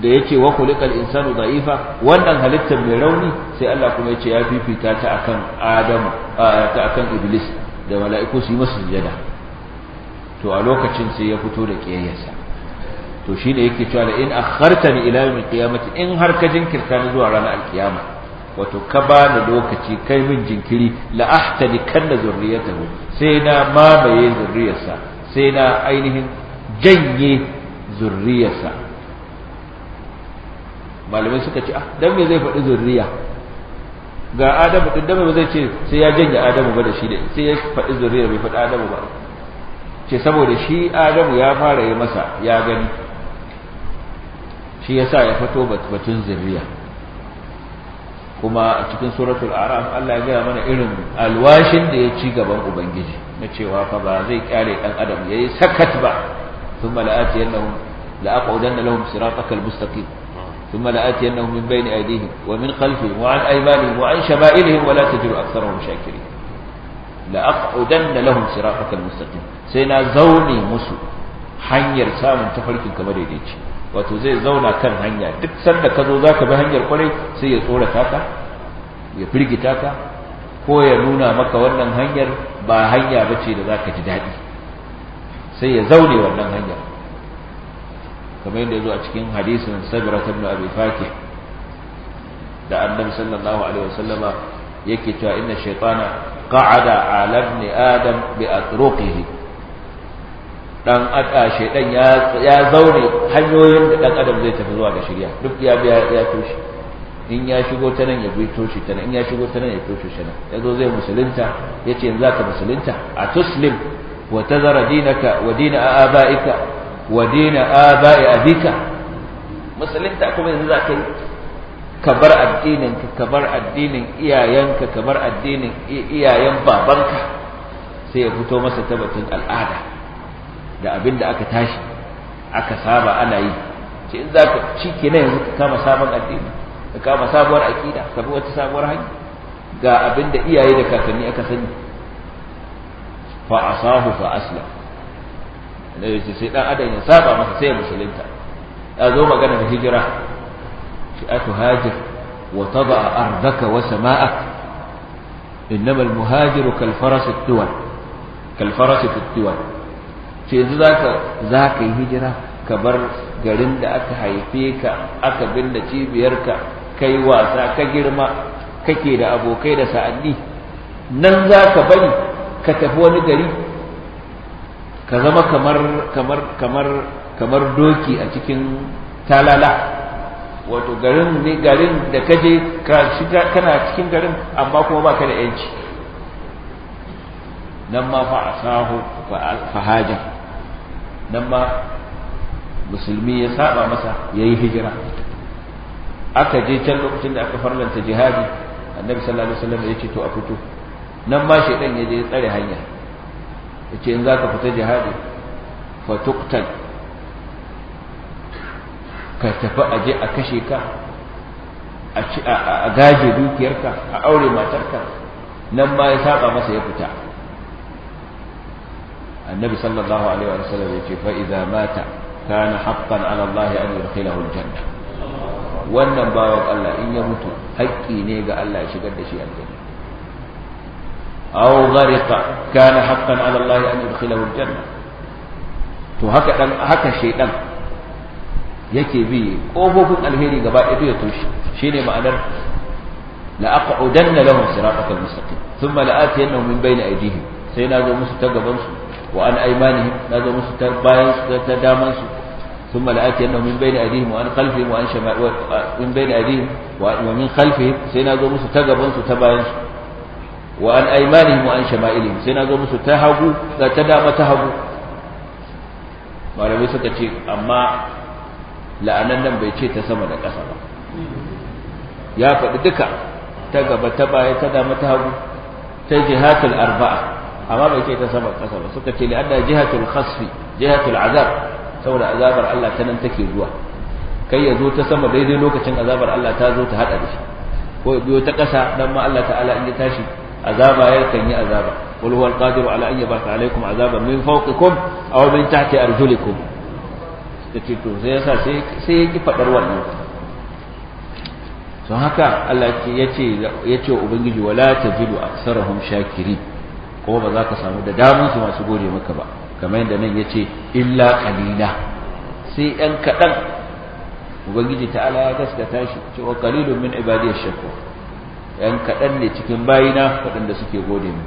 da yake wa kulikal insanu da'ifa wannan halittar mai rauni sai Allah kuma yace ya fifita ta akan adam ta akan iblis da mala'iku su yi masa sujada to a lokacin sai ya fito da kiyayyarsa to shi ne yake cewa da in akhartani ila yawmil qiyamati in har ka jinkirta ni zuwa ranar alkiyama wato ka ba ni lokaci kai min jinkiri la ahtadi kanna zurriyatahu sai na mamaye zurriyarsa sai na ainihin janye zurriyarsa malamai suka ce ah dan me zai faɗi zurriya ga adamu din dan me zai ce sai ya janye adamu ba da shi da sai ya faɗi zurriya bai faɗi adamu ba ce saboda shi adamu ya fara yi masa ya gani shi yasa ya fito batun zirriya kuma a cikin suratul araf Allah ya gaya mana irin alwashin da ya ci gaban ubangiji na cewa fa ba zai kyale dan adam yayi sakat ba thumma la'atiyannahum la'aqudanna lahum siratakal mustaqim ثم لآتينهم من بين أيديهم ومن خلفهم وعن أيمانهم وعن شمائلهم ولا تجد أكثرهم شاكرين la'aqudanna lahum siratal mustaqim sai na zaune musu hanyar samun tafarkin kamar da yake wato zai zauna kan hanya duk sanda ka zo zaka bi hanyar kwarai sai ya tsorata ka ya firgita ka ko ya nuna maka wannan hanyar ba hanya bace da zaka ji daɗi sai ya zaune wannan hanyar kamar yadda ya zo a cikin hadisin sabira ibn abi da annabi sallallahu alaihi wasallama yake cewa inna shaytana qa'ada ala ibn adam bi atruqihi dan ada shedan ya ya zaure hanyoyin da dan adam zai tafi zuwa da shirya duk ya biya ya toshe in ya shigo ta nan ya bi toshe ta nan in ya shigo ta nan ya toshe ta nan yazo zai musulunta yace yanzu ka musulunta a tuslim wa tazara dinaka wa dina abaika wa din abai abika musulunta kuma yanzu zaka yi ka bar addininka ka bar addinin iyayenka ka bar addinin iyayen babanka sai ya fito masa tabbatun al'ada da abin da aka tashi aka saba ana yi ce in za ka ci ke yanzu ka kama sabon addini ka kama sabuwar aƙida ka bi wata sabuwar hanya ga abin da iyaye da kakanni aka sani fa asahu fa aslam ne sai dan adam ya saba masa sai musulunta ya zo magana da hijira أتهاجر وتضع أرضك وسماءك إنما المهاجر كالفرس التوال كالفرس في التوال في ذاك ذاك هجرة كبر garin da aka haife ka aka binne cibiyarka kai wasa ka girma kake da abokai da sa'anni nan za ka bari ka tafi wani gari ka zama kamar kamar doki a cikin talala wato garin ne garin da kaje kana cikin garin amma kuma baka da yanci nan ma fa asahu fa nan ma musulmi ya saba masa yayi hijira aka je can lokacin da aka farlanta jihadi annabi sallallahu alaihi wasallam ya ce to a fito nan ma shedan ya je ya tsare hanya yace in za ka fita jihadi fa tuqtal ka tafi a je a kashe ka a gaje dukiyarka a aure matarka nan ma ya saba masa ya fita annabi sallallahu alaihi wa sallam yace fa idza mata kana haqqan ala Allah an yudkhilahu aljanna wannan bawan Allah in ya mutu haƙƙi ne ga Allah ya shigar da shi aljanna aw ghariqa kana haqqan ala Allah an yudkhilahu aljanna to haka dan haka shedan yake bi kofofin alheri gaba ɗaya ya toshe shine ma'anar la aqudanna lahum siratal mustaqim thumma la'atiyannahum min bayni aydihim sai na zo musu ta gabansu wa an aymanihim na zo musu ta bayan su ta daman su thumma la'atiyannahum min bayni aydihim wa an khalfihim wa an shama'il min bayni aydihim wa min khalfihim sai na zo musu ta gabansu ta bayan su wa an aymanihim wa an shama'ilihim sai na zo musu ta hagu ta dama ta hagu malamai suka ce amma la'anan nan bai ce ta sama da ƙasa ba ya faɗi duka ta gaba ta baya ta dama ta hagu ta jihatul arba'a amma bai ce ta sama ƙasa ba suka ce la'anna jihatul khasfi jihatul azab saboda azabar Allah ta nan take zuwa kai ya zo ta sama daidai lokacin azabar Allah ta zo ta hada da shi ko biyo ta ƙasa dan ma Allah ta'ala in ya tashi azaba ya kan yi azaba qul huwal qadiru ala an yab'atha alaykum azaban min fawqikum aw min tahti arjulikum ta ce to sai yasa sai ya ki faɗar wannan don haka Allah ya ce ubangiji wala tajidu aksarahum shakirin kuma ba za ka samu da damun masu gode maka ba kamar yadda nan ya ce illa qalila sai yan kaɗan ubangiji ta'ala ya gaskata shi cewa qalilun min ibadiyar shakur yan kaɗan ne cikin bayina waɗanda suke gode mu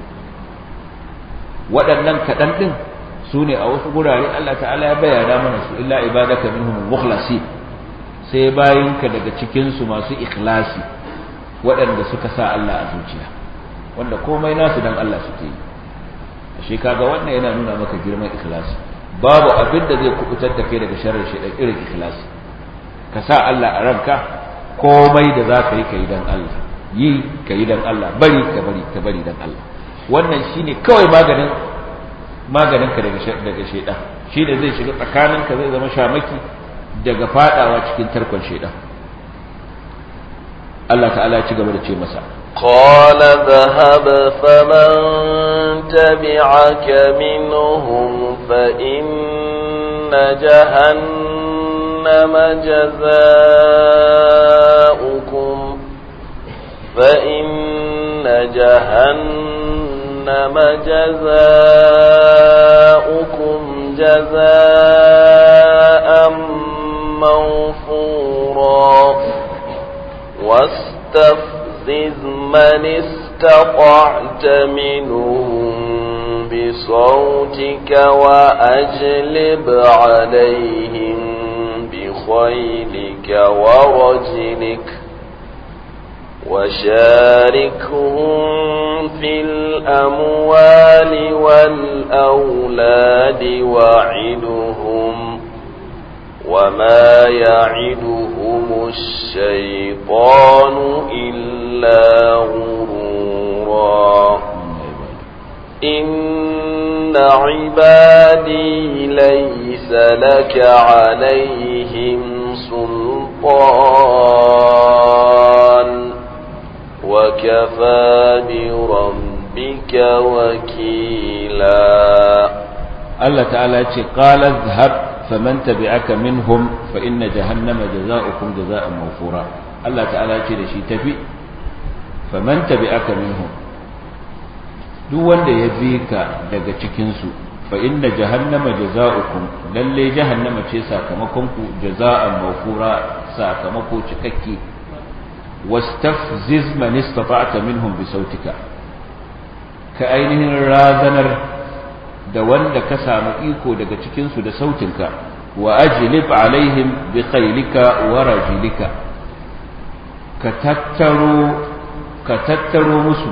waɗannan kaɗan ɗin su ne a wasu gurare Allah ta'ala ya bayyana mana su illa ibadaka minhum mukhlasi sai bayinka daga cikin su masu ikhlasi waɗanda suka sa Allah a zuciya wanda komai nasu dan Allah suke yi shi kaga wannan yana nuna maka girman ikhlasi babu abin da zai kubutar da kai daga sharrin shaitan irin ikhlasi ka sa Allah a ranka komai da za ka yi ka dan Allah yi kai dan Allah bari ka bari ka bari dan Allah wannan shine kawai maganin maganinka daga shaidan shi ne zai shiga tsakaninka zai zama shamaki daga fadawa cikin tarkon shaidan Allah ta'ala ya ci gaba da ce masa قال ذهب فمن تبعك منهم jahannama جهنم جزاؤكم فإن jahannama. جهنم جزاؤكم جزاء موفورا واستفزز من استطعت منهم بصوتك وأجلب عليهم بخيلك ورجلك وشاركهم في الأموال والأولاد وعدهم وما يعدهم الشيطان إلا غرورا إن عبادي ليس لك عليهم سلطان وكفى بربك وكيلا الله تعالى قال اذهب فمن تبعك منهم فإن جهنم جزاؤكم جزاء موفورا الله تعالى شي تفي faman tabi'aka minhum duk wanda ya bi ka daga cikin su fa inna jahannama jazaa'ukum lalle jahannama ce sakamakon ku jazaa'an mawfura sakamako cikakke wastafziz man istata'ta minhum bi sautika ka ainihin razanar da wanda ka samu iko daga cikinsu da sautinka wa ajlib alaihim bi qaylika ka tattaro ka musu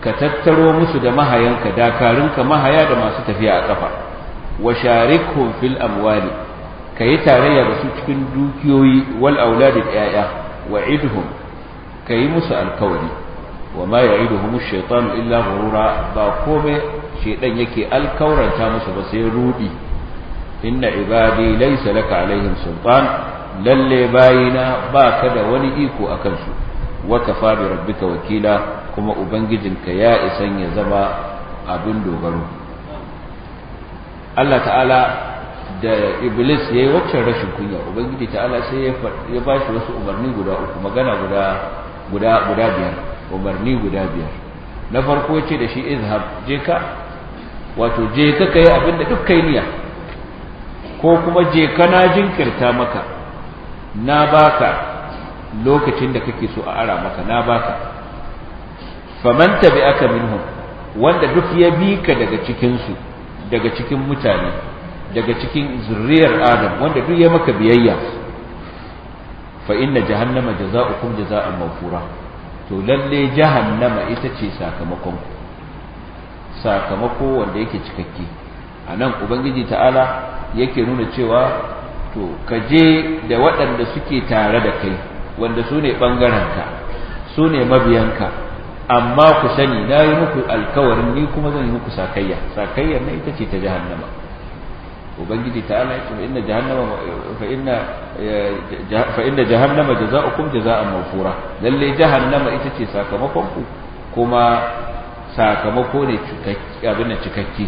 ka tattaro musu da mahayanka dakarunka mahaya da masu tafiya a ƙafa. wa sharikhum fil amwali ka yi tarayya da su cikin dukiyoyi wal auladi da 'ya'ya wa ka yi musu alkawari wa ma ya'iduhum ash-shaytanu illa ghurura ba komai shedan yake alkauranta musu ba sai ruɗi inna ibadi laysa laka alaihim sultan lalle bayina baka da wani iko akan su wa kafa bi rabbika wakila kuma ubangijin ka ya isan ya zama abin dogaro Allah ta'ala da iblis yayi waccan rashin kunya ubangiji ta'ala sai ya ba shi wasu umarni guda uku magana guda biyar umarni guda biyar na farko yace da shi izhab je ka wato je ka kai abin duk kai niyya ko kuma je ka na jinkirta maka na baka lokacin da kake so a ara maka na baka faman tabi'aka minhum wanda duk ya bi ka daga cikin su daga cikin mutane daga cikin zurriyar adam wanda duk ya maka biyayya fa inna jahannama jazaa'ukum jazaa'an mawfura to lalle jahannama ita ce sakamakon sakamako wanda yake cikakke anan ubangiji ta'ala yake nuna cewa to ka je da waɗanda suke tare da kai wanda sune ne ka su ne mabiyanka amma ku sani na yi muku alkawarin ni kuma zan yi muku sakayya sakayyar na ita ce ta jahannama ubangiji ta'ala ya ce inna jahannama fa inna fa inna jahannama jazaa'ukum jazaa'an mawfura lalle jahannama ita ce sakamakon ku kuma sakamako ne cikakke abin da cikakke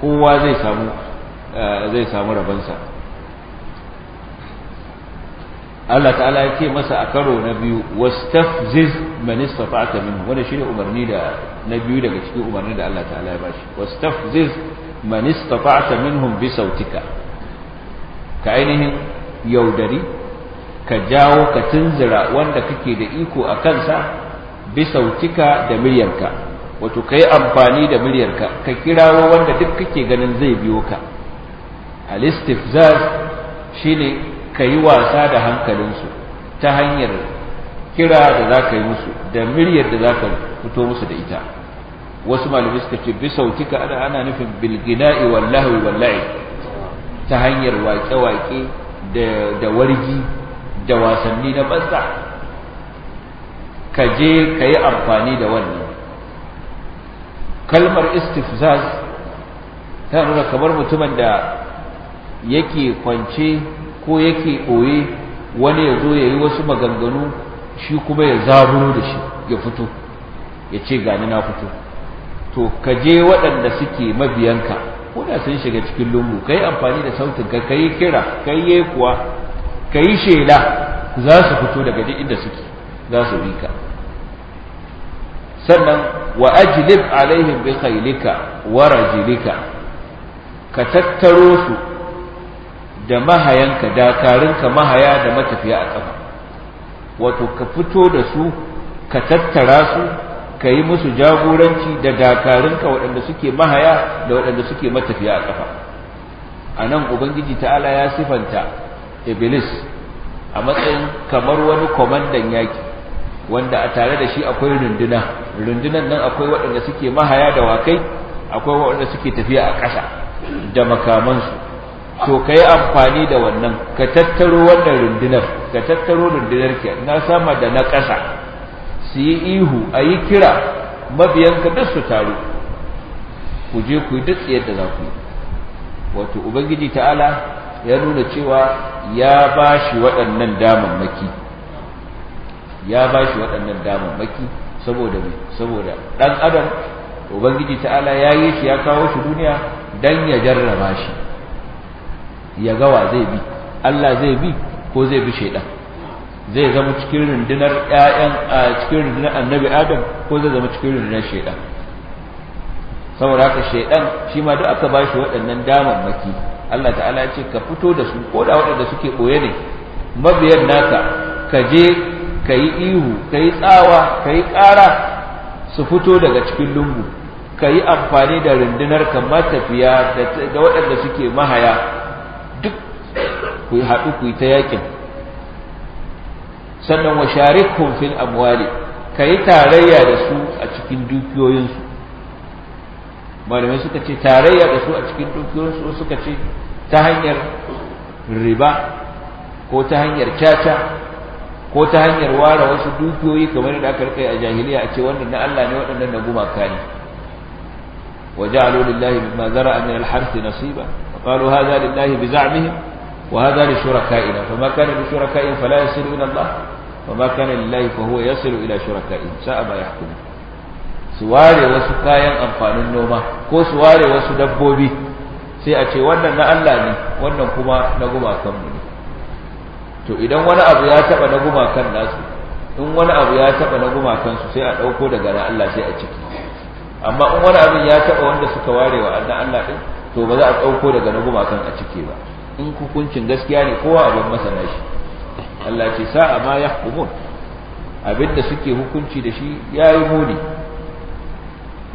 kowa zai samu eh, zai samu rabansa Allah ta'ala ya ce masa a karo na biyu wastafziz man istata'ta minhu wanda shine umarni da na biyu daga cikin umarni da Allah ta'ala ya bashi wastafziz man istata'ta minhum bi sautika ka ainihin yaudari ka jawo ka tunzira wanda kake da iko a kansa bi sautika da miryarka wato ka amfani da miryarka ka kirawo wanda duk kake ganin zai biyo ka al shine ka yi wasa da hankalinsu ta hanyar kira da za ka yi musu da miryar da za ka fito musu da ita wasu malamai suka ce bi sautika ana ana nufin bil gina'i wal ta hanyar waƙe waƙe da da wargi da wasanni na banza ka je ka yi amfani da wannan kalmar istifzaz ta nuna kamar mutumin da yake kwance ko yake ɓoye wani ya zo ya yi wasu maganganu shi kuma ya zaburo da shi ya fito ya ce gani na fito to ka je waɗanda suke mabiyanka ko da sun shiga cikin lungu ka yi amfani da sautin ka ka yi kira ka yi kuwa ka yi shela za su fito daga duk inda suke za su bi ka sannan wa ajlib alaihim bi khailika wa rajilika ka tattaro su da mahayanka dakarunka mahaya da matafiya a kafa wato ka fito da su ka tattara su ka yi musu jagoranci da dakarunka waɗanda suke mahaya da waɗanda suke matafiya a ƙafa a nan ubangiji ta'ala ya sifanta iblis a matsayin kamar wani kwamandan yaƙi wanda a tare da shi akwai runduna rundunan nan akwai waɗanda suke mahaya da wakai akwai waɗanda suke tafiya a ƙasa da makamansu to ka yi amfani da wannan ka tattaro wannan rundunar ka tattaro rundunar ke na sama da na ƙasa su yi ihu a yi kira mabiyanka duk su taru ku je ku yi duk yadda za ku yi wato ubangiji ta'ala ya nuna cewa ya ba shi waɗannan damammaki ya ba shi waɗannan damammaki saboda mai saboda ɗan adam ubangiji ta'ala ya yi shi ya kawo shi duniya don ya jarraba shi ya gawa zai bi Allah zai bi ko zai bi shaidan zai zama cikin rundunar ƴaƴan a cikin rundunar annabi adam ko zai zama cikin rundunar shaidan saboda haka shaidan shi ma duk aka bashi waɗannan damammaki Allah ta'ala ya ce ka fito da su ko da waɗanda suke ɓoye ne mabiyan naka ka je ka yi ihu ka yi tsawa ka yi ƙara su fito daga cikin lungu ka yi amfani da rundunar ka matafiya da waɗanda suke mahaya duk ku haɗu ku yi ta yakin sannan wa sharikhum fil amwali kai tarayya da su a cikin dukiyoyinsu malamai suka ce tarayya da su a cikin dukiyoyinsu suka ce ta hanyar riba ko ta hanyar caca ko ta hanyar ware wasu dukiyoyi kamar da aka rike a jahiliya a ce wannan na Allah ne waɗannan na gumaka ne وجعلوا لله مما ذرأ من الحرث نصيبا وقالوا هذا لله بزعمهم Wa وهذا لشركائنا فما كان لشركائهم فلا يصل إلى الله وما كان لله فهو يصل إلى شركائهم ساء ما يحكمون su ware wasu kayan amfanin noma ko su ware wasu dabbobi sai a ce wannan na Allah ne wannan kuma na gumakanmu ne to idan wani abu ya taba na gumakan nasu in wani abu ya taba na gumakan su sai a dauko daga na Allah sai a ciki amma in wani abu ya taba wanda suka ware wa Allah Allah din to ba za a dauko daga na gumakan a cike ba in hukuncin gaskiya ne kowa abin masana shi Allah ce sa'a ma ya yahkumun abinda suke hukunci da shi ya yi muni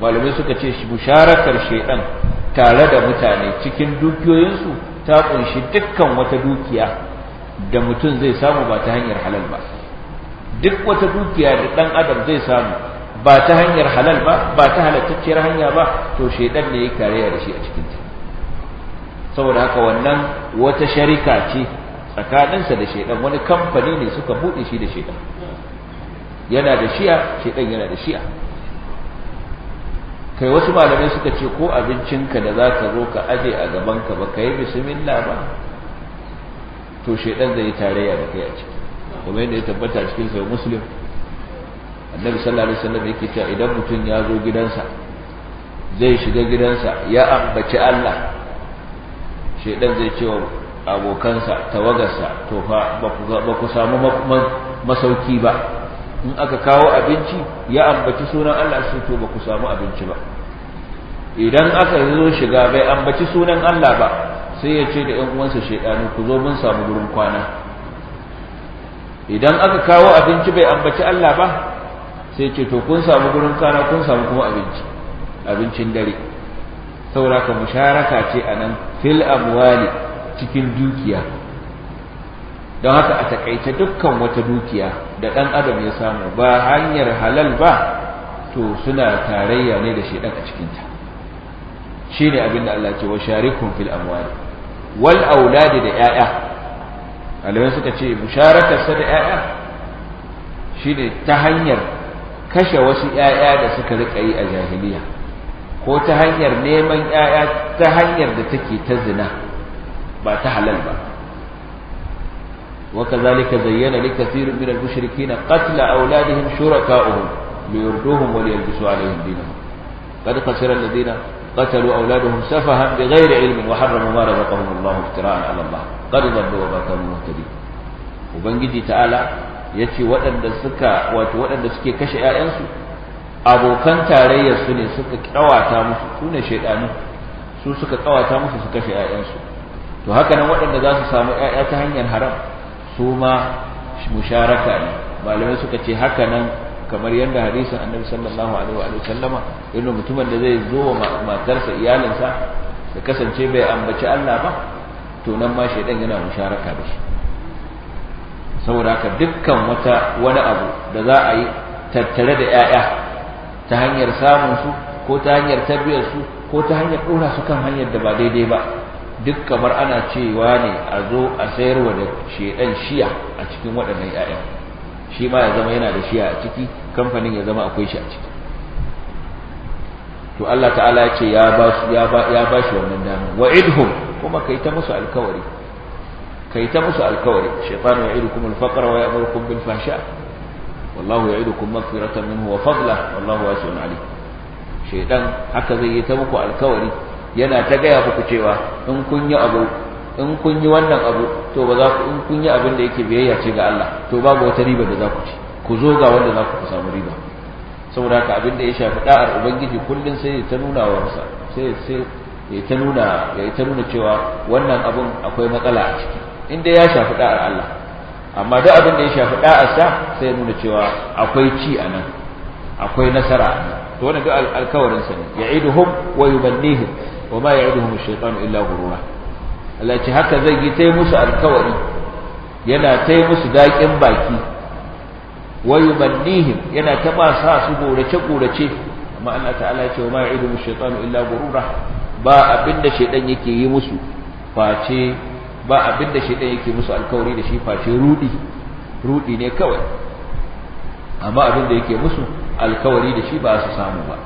malamai suka ce shi musharakar shaidan tare da mutane cikin dukiyoyinsu ta kunshi dukkan wata dukiya da mutum zai samu ba ta hanyar halal ba duk wata dukiya da dan adam zai samu ba ta hanyar halal ba ba ta halattacciyar hanya ba to shaidan ne ya kare da shi a cikinta saboda haka wannan wata sharika ce tsakaninsa da shaidan wani kamfani ne suka buɗe shi da shaidan yana da shi'a shaidan yana da shi'a kai wasu malamai suka ce ko abincinka da za ka zo ka aje a gabanka ba ka yi bismillah ba to shaidan zai yi tarayya da kai a ciki kuma yadda ya tabbata cikin sai muslim annabi sallallahu alaihi wasallam yake cewa idan mutum ya zo gidansa zai shiga gidansa ya ambaci Allah shedan zai ce wa abokansa tawagarsa to fa ba ku samu masauki ba in aka kawo abinci ya ambaci sunan Allah sai to ba ku samu abinci ba idan aka zo shiga bai ambaci sunan Allah ba sai ya ce da ƴan uwansa shedanu ku zo mun samu gurin kwana idan aka kawo abinci bai ambaci Allah ba sai ce to kun samu gurin kwana kun samu kuma abinci abincin dare saboda ka musharaka ce anan fil amwali cikin dukiya don haka a takaice dukkan wata dukiya da ɗan adam ya samu ba hanyar halal ba to suna tarayya ne da shaidan a cikinta shi ne abin da Allah ce wa sharikun fil amwali wal auladi da 'ya'ya alamai suka ce musharakarsa da 'ya'ya shi ne ta hanyar kashe wasu 'ya'ya da suka riƙa yi a jahiliya ko ta hanyar neman ‘ya'ya ta hanyar da take ta zina ba ta halal ba waka zalika zayyana li kathirin min al-mushrikeena qatla awladihim shuraka'uhum li yurduhum wa liyalbisu alaihim dinahum qad khasira alladhina qatalu awladahum safahan bighayri ilmin wa harramu ma razaqahum Allah iftira'an 'ala Allah qad dhallu wa ma kanu muhtadin ubangiji ta'ala yace waɗanda suka wato waɗanda suke kashe ƴaƴansu. abokan tarayyar su ne suka kawata musu su ne shaidanu su suka kawata musu su kashe ƴaƴansu to haka nan waɗanda za su samu ƴaƴa ta hanyar haram su ma musharaka ne malamai suka ce haka nan kamar yadda hadisin annabi sallallahu alaihi wa sallama yana mutumin da zai zo wa matarsa iyalinsa da kasance bai ambaci Allah ba to nan ma shaidan yana musharaka da shi saboda haka dukkan wata wani abu da za a yi tattare da ƴaƴa ta hanyar samun su ko ta hanyar tabbiyar su ko ta hanyar dora su kan hanyar da ba daidai ba duk kamar ana cewa ne a zo a sayarwa da shedan shiya a cikin waɗannan 'ya'yan shi ma ya zama yana da shiya a ciki kamfanin ya zama akwai shi a ciki to Allah ta'ala ya ce ya ba su ya ba ya ba shi wannan dama idhum kuma kai ta musu alkawari kai ta musu alkawari shaytanu ya'idukum al-faqra wa ya'murukum bil wallahu ya ya'idukum maghfiratan minhu wa fadla wallahu wasi'un alim shedan haka zai yi ta muku alkawari yana ta gaya muku cewa in kun yi abu in kun yi wannan abu to ba za ku in kun yi abin da yake biyayya ce ga Allah to babu wata riba da za ku ci ku zo ga wanda za ku samu riba saboda haka abin da ya shafi da'ar ubangiji kullun sai ta nuna wa masa sai sai ya ta nuna ya ta cewa wannan abun akwai matsala a ciki in dai ya shafi da'ar Allah amma duk abin da ya shafi da'asa sai nuna cewa akwai ci a nan akwai nasara a nan to wannan duk alkawarin sa ne ya'iduhum wa yubannihim wa ma ya'iduhum ash-shaytanu illa ghurura Allah ya ce haka zai yi tai musu alkawari yana tai musu daƙin baki wa yubannihim yana ta ba sa su gorace gorace amma Allah ta'ala ya ce wa ma ya'iduhum ash-shaytanu illa ghurura ba abinda shaytan yake yi musu face ba abin da shaidan yake musu alkawari da shi face ruɗi ne kawai amma abin da yake musu alkawari da shi ba su samu ba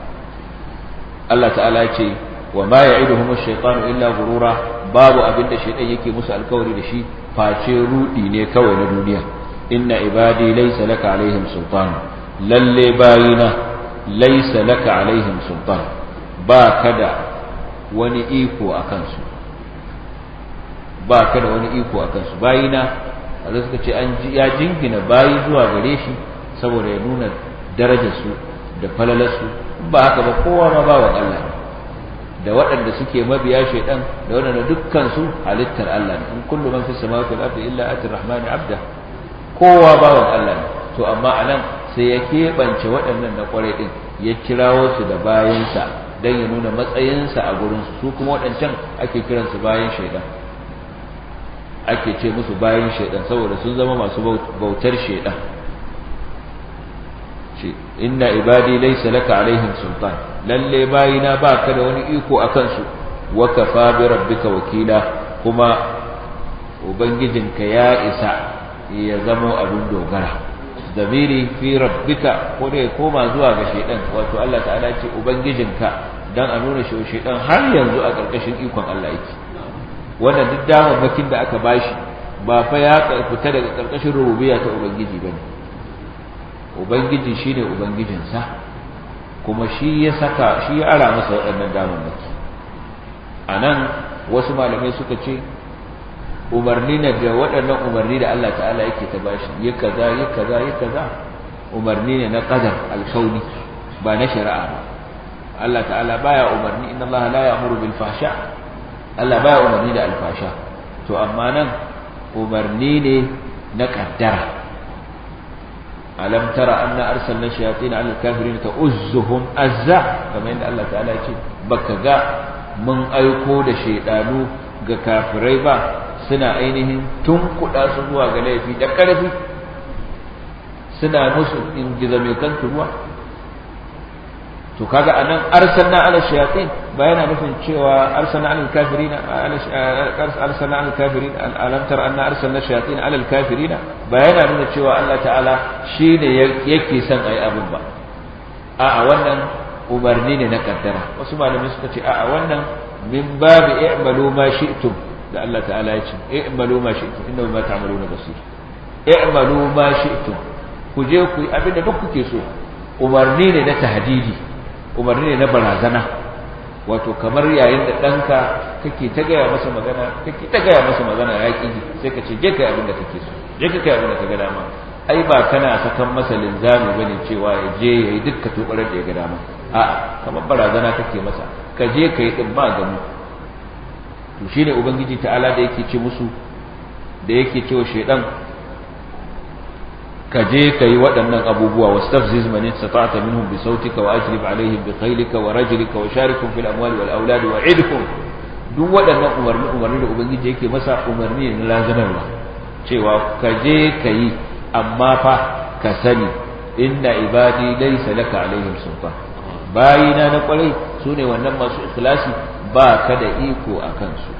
Allah ta'ala ya ce wa ma ya'iduhum ash-shaytanu illa ghurura babu abin da shaidan yake musu alkawari da shi face ruɗi ne kawai na duniya inna ibadi laysa laka alaihim sultan lalle bayina laysa laka alaihim sultan ba kada wani iko akan su ba ka da wani iko a kansu bayina a suka ce ya jingina bayi zuwa gare shi saboda ya nuna darajarsu da falalarsu ba haka ba kowa ma ba wa Allah da waɗanda suke mabiya shaidan da waɗanda dukkansu halittar Allah ne in kullu man fi samawati wal ardi illa atir rahmani abda kowa ba wa Allah ne to amma anan sai ya keɓance waɗannan na kwarai ɗin ya kirawo su da bayansa dan ya nuna matsayinsa a gurin su kuma waɗancan ake kiransu bayan shaidan ake ce musu bayan shaidan saboda sun zama masu bautar shaidan inna ibadi laysa laka alaihim sultan lalle bayina ba ka da wani iko a kansu wa kafa bi rabbika wakila kuma ubangijinka ya isa ya zama abin dogara zamiri fi rabbika ko dai koma zuwa ga shaidan wato Allah ta'ala ce ubangijinka dan a nuna shi shaidan har yanzu a karkashin ikon Allah yake wannan duk damammakin da aka bashi ba fa ya fita daga ƙarƙashin rububiyya ta ubangiji bane ubangiji ne ubangijinsa kuma shi ya saka shi ya ara masa waɗannan damammaki a nan wasu malamai suka ce umarni na da waɗannan umarni da Allah ta'ala yake ta bashi yi kaza yi kaza yi kaza umarni ne na qadar alkauni ba na shari'a ba Allah ta'ala baya umarni inna Allah la ya'muru bil fahsha' Allah baya umarni da alfasha to amma nan umarni ne na kaddara alam tara anna arsalna shayatin alal kafirin uzzuhum azza kamar yadda Allah ta'ala ya ce baka ga mun aiko da shaidanu ga kafirai ba suna ainihin tunkuda su zuwa ga laifi da ƙarfi? suna musu in gizame kan ruwa to kaga anan arsalna ala shayatin ba yana nufin cewa arsalna ala kafirina eh, arsalna ala kafirin alam tara anna arsalna shayatin ala kafirina ba yana nuna cewa Allah ta'ala shine yake son ayi abin ba a'a wannan umarni ne na kaddara wasu malamai suka ce a'a wannan min babu i'malu ma shi'tum da Allah ta'ala ya ce i'malu ma shi'tum innahu ma ta'maluna basir i'malu ma shi'tum ku je ku yi abin da duk kuke so umarni ne na tahdidi umarni ne na barazana wato kamar yayin da danka kake ta gaya masa magana kake ta gaya masa magana ya ƙi sai ka ce je kai abin da kake so je kai abin da ka ga dama ai ba kana sakan masa linzami bane cewa ya je ya yi dukkan tokarar da ya ga dama a'a kamar barazana kake masa ka je ka yi din ba gamu to shine ubangiji ta'ala da yake ce musu da yake ce wa shaydan ka je ka yi waɗannan abubuwa wasu tafziz mani sata'ata minhum bi sautika wa ajlib alaihim bi khailika wa rajlika wa sharikum fil amwali wal auladi wa idhum duk waɗannan umarni umarni da ubangiji yake masa umarni na lazimarwa cewa ka je ka yi amma fa ka sani inna ibadi laysa laka alaihim sultan bayina na kwarai su ne wannan masu ikhlasi ba ka da iko a kansu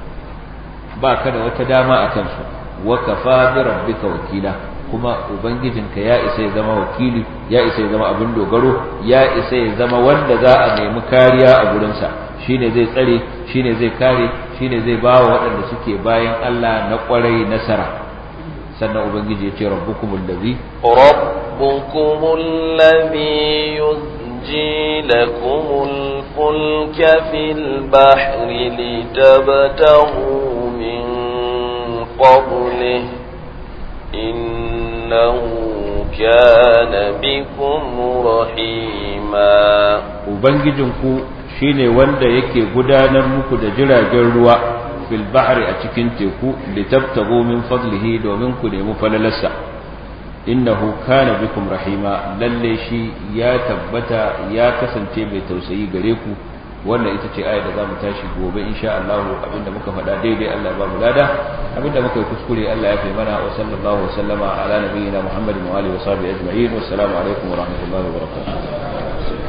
ba ka da wata dama a kansu wa kafa bi rabbika wakila kuma ubangijinka ya isa ya zama wakili ya isa ya zama abin dogaro ya isa ya zama wanda za a nemi kariya a gurinsa shine zai tsare shine zai kare shine zai bawa waɗanda suke bayan Allah na ƙwarai nasara sannan ubangiji ya ce rabbukumul ladzi إنه كان بكم رحيما وبنجدنكو shine wanda yake gudanar muku da jiragen ruwa fil bahri a cikin teku litabtagu min fadlihi domin ku nemi falalarsa innahu kana bikum rahima lalle shi ya tabbata ya kasance mai tausayi gare ku wannan ita ce ayar da za mu tashi gobe insha Allah abinda muka faɗa daidai Allah ya ba mu dada abinda muka yi kuskure Allah ya fi mana wa sallallahu wa sallama ala nabiyyina Muhammadin wa alihi wa sahbihi ajma'in wassalamu alaikum wa rahmatullahi wa barakatuh